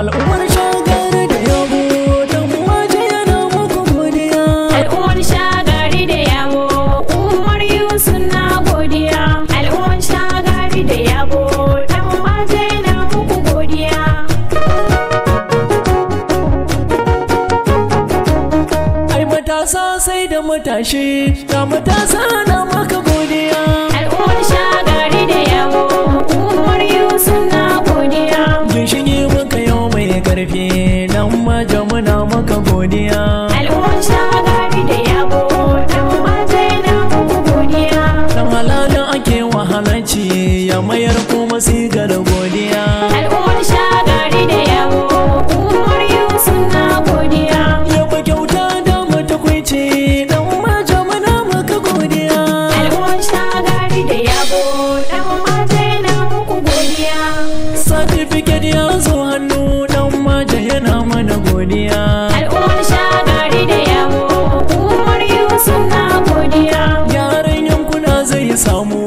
al'ummar shagari da yabo dan uwa yana muku godiya al'ummar shagari da yabo umar yusuf na godiya al'ummar shagari da yabo dan uwa yana muku godiya ai matasa sai da matashi ga matasa rufe dan maja muna maka godiya al'ummar gari da yabo dan maja na maka godiya dan halalin ake wahalanci ya mayar kuma sigar ya samu